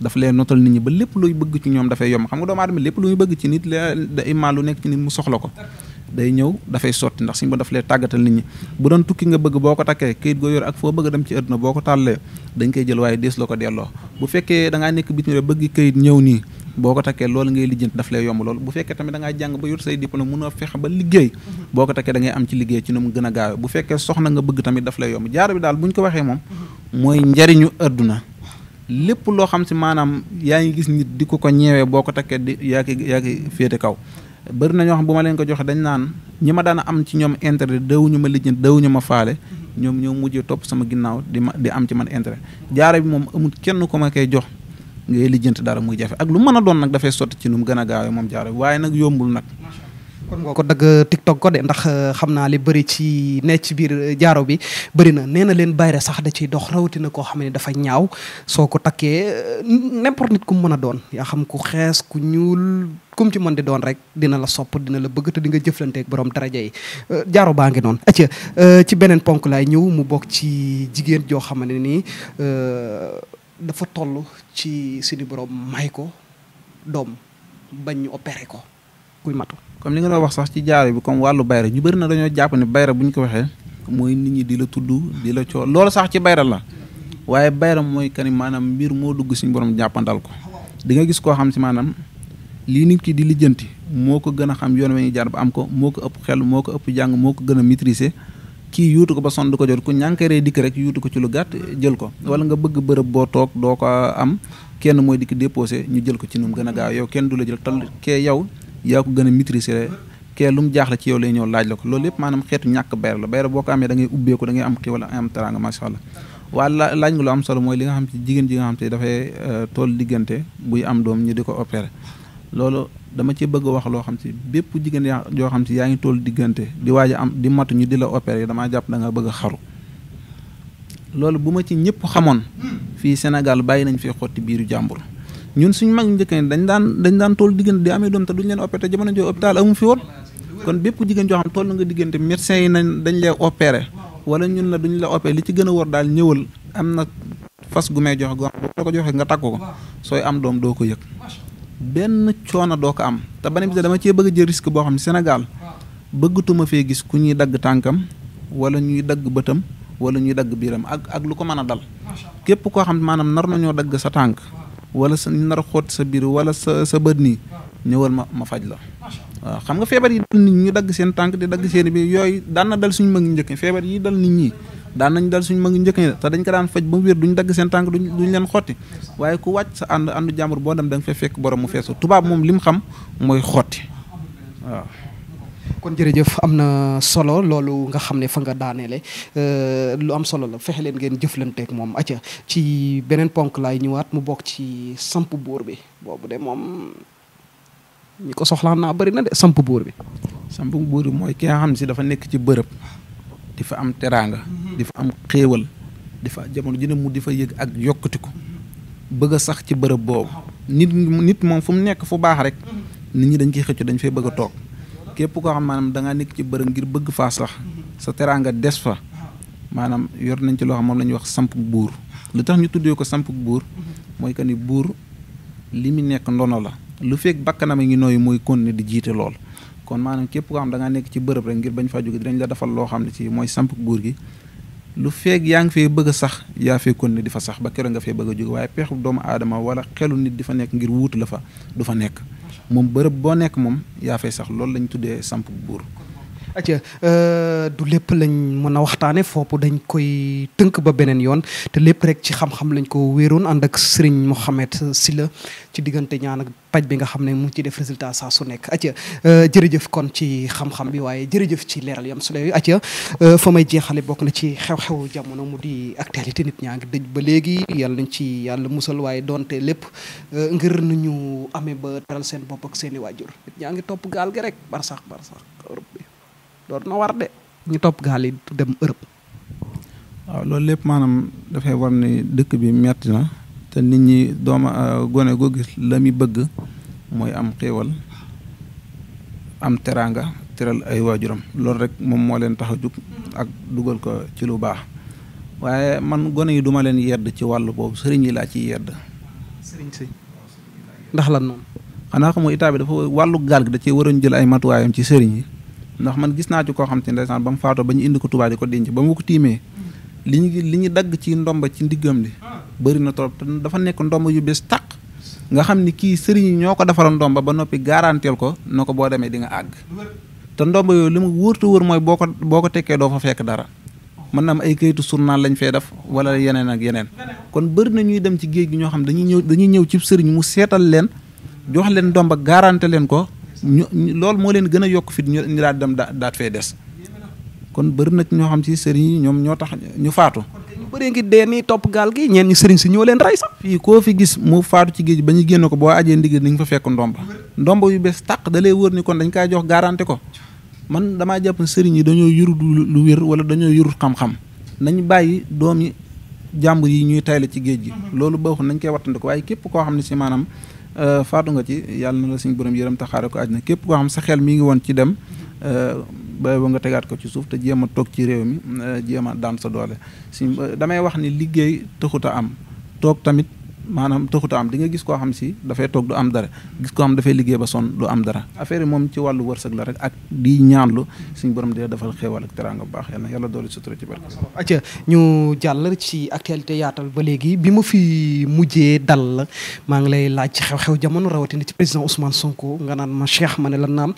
daf leen notal nit ñi ba lépp luy bëgg ci ñoom dafay yomb xam nga doomu aadama lépp lu muy bëgg ci nit la da imaa lu nekk ci nit mu soxla ko day ñëw dafay sotti ndax suñu ba daf lee tàggatal nit ñi bu doon tukki nga bëgg boo ko takkee kayit goo yor ak foo bëgg dem ci àdduna boo ko tàllee dañ koy jël waaye dees la ko delloo bu fekkee da ngaa nekk bitim réew bëgg ñëw nii boo ko takkee ngay lijjanti daf lay yomb loolu bu fekkee tamit da ngaa jàng ba yor say diplôme mun a fexe ba liggéey boo ko takkee da am ci liggéey ci nu mu gën a gaawe bu fekkee soxna nga bëgg tamit daf lay yomb jaaro bi daal bu ñu ko waxee moom mooy njariñu àdduna lépp loo xam si maanaam yaa ngi gis nit di ko ko ñeewee boo ko takkee di yaa ki yaa ki féete kaw bëri na ñoo xam bu ma leen ko joxee dañ naan ñi ma daan am ci ñoom intérêt dawuñu ma lijjan dawuñu ma faale ñoom ñoo mujjee topp sama ginnaaw di ma di am ci man intérêt jaara bi moom amul kenn ku ma koy jox ngay lijjanti dara muy jafe ak lu mën a doon nag dafay sotti ci nu mu gën a gaawee moom jaara bi waaye nag yombul nag kon nga ko dagg tiktok ko de ndax euh, xam naa li bëri ci ne ci biir euh, jaaro bi bari na nee na leen bayre sax da ciy dox rawatina koo xam ne dafa ñaaw soo ko takkee euh, n'importe nit ku mën a doon yaa xam ku xees ku ñuul comme ci mën di doon rek dina la sopp dina la bëgg te di nga jëflanteeg borom daraja yi jaaro baa ngi noonu. acca ci beneen ponk laay ñëw mu bokk ci jigéen joo xam ne nii dafa toll ci suñu borom may ko doom bañ ñu opéré ko kuy matu. comme li nga doon wax sax ci jaaro bi comme wàllu bayra ñu bëri na dañoo jàpp ne bayra bu ñu ko waxee mooy nit ñi di la tudd di la coo lool sax ci bayra la waaye bayra mooy kani maanaam mbir moo dugg suñu borom jàppandal ko di gis koo xam si maanaam lii nit ki di lijjanti moo ko gën a xam yoon we ñu am ko moo ko ëpp xel moo ko ëpp jàng moo ko gën a maîtriser kii yuutu ko ba sonn du ko jot ku ñànkaree rek yuutu ko ci lu gàtt jël ko wala nga bëgg bërëb boo toog doo ko am kenn mooy dikk déposé ñu jël ko ci num gën a gaaw yow kenn du la jël tal kee yow yaa ko gën a kee lu mu jaaxle ci yow lay ñëw laaj la ko loolu yëpp maanaam xeetu ñàkk bayra la bayra boo ko amee da ngay ubbeeku da ngay am xiwal am teraanga masha Allah waaye la laaj nga lu am solo mooy li nga xam ci jigéen ji nga xam te dafay euh, toll diggante buy am doom ñu di ko opéré loolu dama ci bëgg wax loo xam ci bépp jigéen yaa joo xam ci yaa ngi tool diggante di waaj am di matu ñu di la opéré damaa jàpp da bëgg a xaru loolu bu ma ci ñëpp xamoon hmm. fii Sénégal bàyyi nañ fi xotti biiru jàmbur ñun suñ mag njëkk ne dañ daan dañ daan tool diggante di amee doom te duñ leen opéré te jamono jooju hôpital amu fi woon kon bépp jigéen joo xam toll nga diggante médecin yi nañ dañ lay opéré wala ñun la duñ la opéré li ci gën a war daal ñëwal am na fas gu may joxe goo xam boo ko joxee nga takku ko sooy am doom doo ko yëg benn coono doo ko am te beneen bi dama cee bëgg a jël risque boo xam ne Sénégal bëggatuma fee gis ku ñuy dagg tànkam wala ñuy dagg bëtam wala ñuy dagg biiram ak ak lu ko mën a dal képp koo xam maanaam nar nañoo dagg sa tànk wala sa nar a sa biir wala sa sa bët nii ñëwal ma ma faj la waaw xam nga feebar yi dal nit ñu dagg seen tànk dagg seen bi yooyu daan na mag njëkk feebar yi dal nit ñi daan nañ dal suñ mag njëkk ñi te dañ ko daan faj ba mu wér duñ dagg seen tànk duñ duñ leen xotti waaye ku wàcc sa ànd àndu jàmbur boo dem da nga fay fekk borom mu feesu tubaab moom li xam mooy xotti waaw kon jërëjëf am na solo loolu nga xam ne fa nga daaneele euh, lu am solo la fexe leen ngeen jëflanteeg moom acca ci beneen ponk laay ñëwaat mu bokk ci samp buur bi boobu de moom ñi ko soxlaan naa bëri na de samp bi samp buur bi mooy ki xam ne si dafa nekk ci bërëb di fa am teraanga mhm. di fa am xéewal di fa jamono ji ne mu di fa yëg ak yokkutiku bëgg a sax ci bërëb boobu nit nit moom fu mu nekk fu baax rek mhm. nit ñi dañ koy xëccu dañ fay bëgg a toog képp koo xam maanaam da ngaa nekk ci bërëb ngir bëgg faa sax sa teraanga des fa maanaam yor nañ ci loo xam moom la ñuy wax samp buur lu tax ñu tuddee ko samp buur mooy que ni buur li mu nekk ndono la lu fekk bakkanam a ngi nooyu mooy continuer di jiite lool kon maanaam képp koo xam da nekk ci bërëb rek ngir bañ faa jóge dinañ la defal loo xam ne ci mooy samp buur gi lu feeg yaa ngi fee bëgg sax yaa fee kon ne di fa sax ba keroog nga fee bëgg a jóge waaye peexu doomu aadama wala xelu nit di fa nekk ngir wuutu la fa du fa nekk moom bërëb boo nekk moom yaa fay sax loolu lañ tuddee samp buur atia euh, du lépp lañ mën a waxtaane foofu dañ koy tënk ba beneen yoon te lépp rek ci xam-xam lañ ko wéeroon ànd ak Serigne Mohamed la ci diggante ñaan ak paj bi nga xam ne mu ci def résultat saa su nekk atia euh, jërëjëf kon ci xam-xam bi waaye jërëjëf ci leeral yam su leeyu atia euh, fa may jeexale bokk na ci xew xew jamono mu di actualité nit ñaa ngi dëj ba léegi yàlla nañ ci yàlla musal waaye donte lépp ngir nu ñu amee ba teral seen bopp ak seen i waajur ñaa ngi topp gaal gi rek barsax door na war de ñu topp gaal yi dem Europe. waaw loolu lépp maanaam dafay war ni dëkk bi metti na te nit ñi dooma euh, gone goo la muy bëgg mooy am xéewal am teraanga teral ay waajuram loolu rek moom moo leen tax a jug ak dugal ko ci lu baax waaye man gone yi duma leen yedd ci wàll boobu sëriñ yi laa ciy yedd sëriñ si ndax lan noonu xanaa xamoo état bi dafa wàllu gaal gi da cee waroon jël ay matuwaayam ci sëriñ yi ndax man gis naa ci koo xam te ne ndeysaan ba mu faatoo ba ñu indi ko Tuubaa di ko denc ba mu ko tiimee li ñu li ñu dagg ci ndomba ci ndiggam li bëri na trop dafa nekk ndomba yu bees tàq nga xam ni kii sëriñ yi ñoo ko defaroon ndomba ba noppi garanteel ko na ko boo demee di nga àgg te ndomba yooyu li mu wóortu wër mooy boo ko boo ko tekkee doo fa fekk dara mën na am ay kayitu surnaal lañ fee def wala yeneen ak yeneen kon bëri na ñuy dem ci géej gi ñoo xam dañuy ñëw dañuy ñëw ci sëriñ mu seetal leen jox leen ndomba garanté leen ko ñu loolu moo leen gën a yokk fit ñu daal dem daat fee des kon bëri nag ñoo xam ci sëriñ yi ñoom ñoo tax ñu faatu bëree ngi dee topp gaal gi ñeen ñi sëriñ si ñoo leen rey sax fii koo fi gis mu faatu ci géej ba ñu génn ko boo ajee ndigg ni nga fa fekk ndomba ndomba yu bees tàq da lay wër ni kon dañ kaa jox garanti ko man damaa jàpp sëriñ yi dañoo yurut lu wér wala dañoo yurut xam-xam nañ bàyyi doom yi jàmbur yi ñuy tayle ci géej gi loolu baaxul nañ koy ko waaye képp koo xam ne si maanaam Euh, faatu nga ci yàlla na la suñu borom yërëm taxaare ko aj na képp koo xam sa xel mi ngi woon ci dem euh, ba ba nga tegaat ko ci suuf te jéem a toog ci réew mi euh, jéem a daan sa doole si damay wax ni liggéey taxut a am toog tamit maanaam taxuta am di nga gis koo xam si dafay toog du am dara gis koo xam dafay liggéey ba son du am dara affaire yi moom ci wàllu wërsëg la rek ak di ñaanlu suñ borom dina defal xéewal ak bu baax yàlla yàlla doole sutura ci barke ci actualité yaatal ba léegi bi ma fi mujjee dal maa ngi lay laaj ci xew-xew jamono rawatina ci président Ousmane Sonko nga naan ma Cheikh ma ne la naam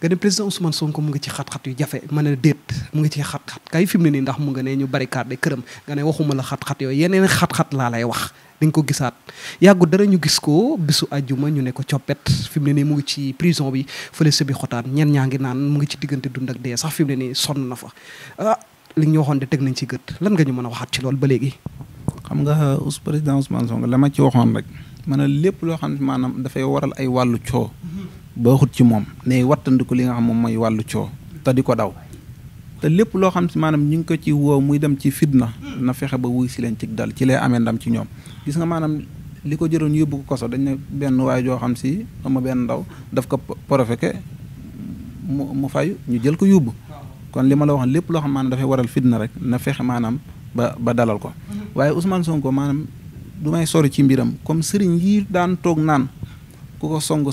nga ne président Ousmane Sonko mu ngi ci xat-xat yu jafe ma ne déet mu ngi ci xat-xat kay fi mu ne nii ndax mu nga ne ñu barricade këram nga ne waxuma la xat-xat yooyu yeneen xat-xat laa lay wax di nga ko gisaat yàggu dara ñu gis ko bisu àjjuma ñu ne ko coppet fi mu ne nii mu ngi ci prison bi fa sa bi xotaan ñen ñaa ngi naan mu ngi ci diggante dund ak dee sax fi mu ne nii sonn na fa ah li ñu waxoon de teg nañ ci gët lan nga ñu mën a waxaat ci loolu ba léegi. xam nga us président Ousmane Sonko ci waxoon rek ma lépp loo xam ne maanaam dafay waral ay wàllu coo. baaxut ci moom ne wattandiku li nga xam moom mooy wàllu coo. te di ko daw. te lépp loo xam si maanaam ñu ngi ko ci woo muy dem ci fitna na fexe ba wuy si leen ci dal ci lay amee ndam ci ñoom gis nga maanaam li ko jëroon yóbbu ko koso dañ ne benn waay joo xam si ama benn ndaw daf ko provoqué mu mu fayu ñu jël ko yóbbu kon li ma la waxoon lépp loo xam dafay waral fitna rek na fexe maanaam ba ba dalal ko waaye Ousmane Sonko maanaam du may ci mbiram comme sëriñ yi daan toog naan ku ko song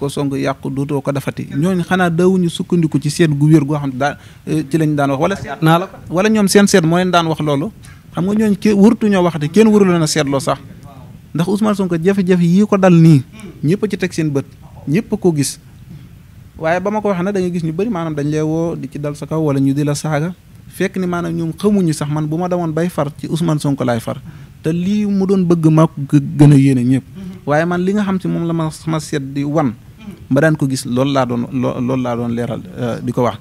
ko song yàqu dootoo ko defati ñooñu xanaa daawuñu sukkandiku ci seet gu wér goo xam daa eh, ci lañ daan wax wala seet naa la wala ñoom seen seet moo daan wax loolu xam nga ñooñ kenn wurtuñoo wax te kenn wurul na seetloo sax ndax Ousmane Sonko jafe-jafe yii ko dal nii ñëpp ci teg seen bët ñëpp a ko gis waaye ba ma ko waxee nag da gis ñu bëri maanaam dañ lay woo di ci dal sa kaw wala ñu di la saaga fekk ni maanaam ñoom xamuñu sax man bu ma demoon bay far ci usman Sonko laay far te lii mu doon bëgg maa ko gën a yéene ñëpp waaye man li nga xam si moom la ma ma seet di wan ma daan ko gis loolu laa doon loolu laa doon leeral euh, di ko wax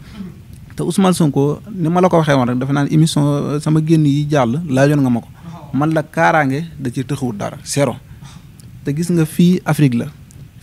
te Ousmane Sonko ni ma la ko waxee woon rek dafa naan émission euh, sama génn yi jàll laajoon nga ma ko man la kaaraange da ci tëxawut dara sero te gis nga fii Afrique la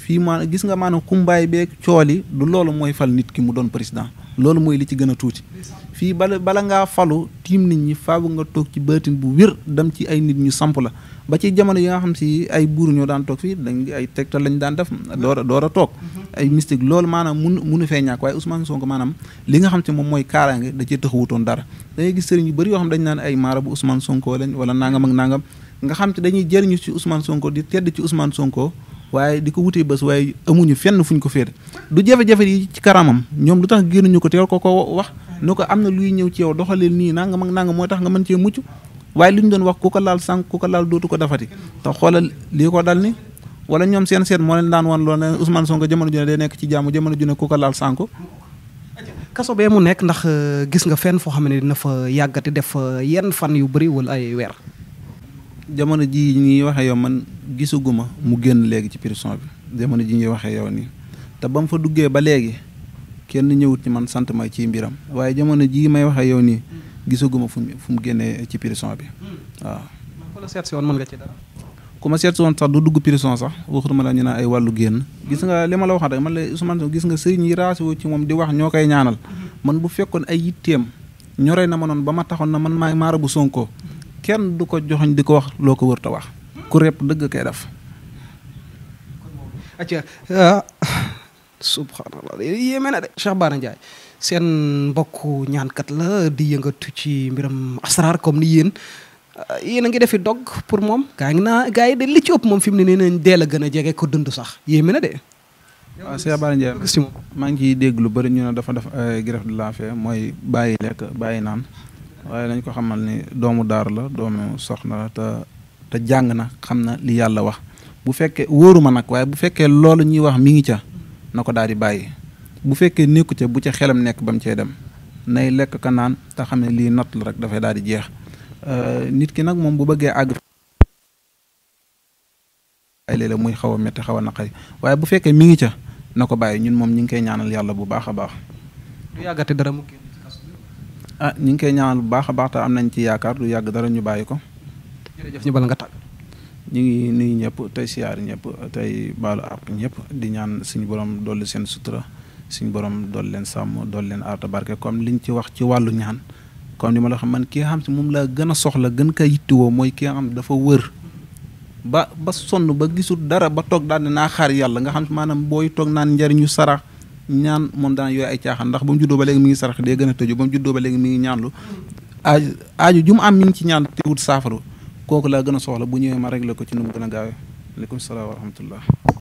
fii ma gis nga maanaam kumbaay beeg cool du loolu mooy fal nit ki mu doon président loolu mooy li ci gën a tuuti fii bala bala ngaa falu tiim nit ñi faabu nga toog ci baatin bu wér dem ci ay nit ñu samp la ba ci jamono yi nga xam si ay buur ñoo daan toog fii dañ ay tegtal lañ daan def door a door toog mhm. ay mystique lool maanaam mun munu fee ñàkk waaye Ousmane Sonko maanaam li nga xam si moom mooy kaaraange da cee taxawutoon dara da ngay gis sëriñ yu bëri yoo xam dañ naan ay maara bu Ousmane Sonko lañ wala nangam ak nangam nga xam dañuy jëriñu ci Ousmane Sonko di tedd ci Ousmane Sonko waaye di ko wutee bés waaye amuñu fenn fuñ ko féete du jafe-jafe yi ci karamam ñoom lu tax génnuñu ko teel ko ko wax mm. nu ko am na luy ñëw ci yow doxaleel nii nangam ak nangam mooy tax nga mën cee mucc waaye li ñu doon wax ku ko laal sànq ku ko laal dootu ko dafati te xoolal lii ko dal ni wala ñoom seen seet moo leen daan wan loolu ne Ousmane Sonko jamono ju ne day nekk ci jàmm jamono ju ko laal sànq. kaso bee mu nekk ndax euh, gis nga fenn foo xam ne dina fa yàggati def euh, yenn fan yu bëri wala ay weer. jamono ji ñuy waxee yow man gisuguma mu génn léegi ci prison bi jamono ji ñuy waxee yow nii te ba mu fa duggee ba léegi kenn ñëwut ci man sant ma ci mbiram waaye jamono jii may waxee yow nii. gisaguma fu mu fu mu génnee ci prison bi hmm. waaw. ku la seet si woon nga ci dara. ku seet si sax du dugg prison sax waxuma la ñu naan ay wàllu génn. gis nga li ma la waxoon rek man la Ousmane gis nga sëriñ yi raasiwoo ci moom di wax ñoo koy ñaanal. Hmm. man bu fekkoon ay yitteem ñoree na ma noonu ba ma taxoon na man maay maara bu Sonko kenn du ko joxoñ di ko wax loo ko wërta wax. ku rep dëgg koy def. acca ah, yéeme na de Cheikh Bara Ndiaye seen mbokk ñaankat la di yëngatu ci mbiram asrar comme ni yéen euh, yéen a ngi defi dog pour moom gaa ngi naa gaa yi de li ci ëpp moom fi mu ne nee nañ dee la gën a jege ko dund sax yéeme na de waaw Cheikh maa ngi ciy dégg lu bëri ñu ne dafa def euh, greffe de la faim mooy bàyyi lekk bàyyi naan waaye nañ ko xamal ni doomu daar la doomu soxna la te jàng na xam na li yàlla wax bu fekkee wóoruma nag waaye bu fekkee loolu ñuy wax mi ngi ca na ko daal di bàyyi bu fekkee nekku ca bu ca xelam nekk ba mu cee dem nay lekk ka naan te xam ne lii natt la rek dafay daal di jeex euh, nit ki nag moom bu bëggee àgg. ay muy xaw a métti xaw a naqari waaye bu fekkee mi ngi ca na ko bàyyi ñun moom ñu ngi koy ñaanal yàlla bu baax a baax. du yàggate dara mu génn ah, ñu ngi koy ñaanal bu baax a baax te am nañ ci yaakaar du yàgg dara ñu bàyyi ko. jërëjëf ñu bal nga ñu ngi nuyu ñëpp tey siyaar ñëpp tey baalu àq ñëpp di ñaan suñu borom dolli seen sutura. suñ borom dool leen sàmm dool leen aar barke li ñu ci wax ci wàllu ñaan comme ni ma la xam man ki nga xam si moom laa gën a soxla gën kaa yittewoo mooy ki nga dafa wër ba ba sonn ba gisul dara ba toog daal naa xaar yàlla nga xam si maanaam booy toog naan njariñu sarax ñaan moom daan yooyu ay caaxaan ndax ba mu juddoo ba léegi mi ngi sarax day gën a tëju ba mu juddoo ba léegi mi ngi ñaanlu aaju aaju jum am mi ngi ci ñaan te wut saafaru kooku laa gën a soxla bu ñëwee ma la ko ci nu mu gën a gaawee aleykum salaam wa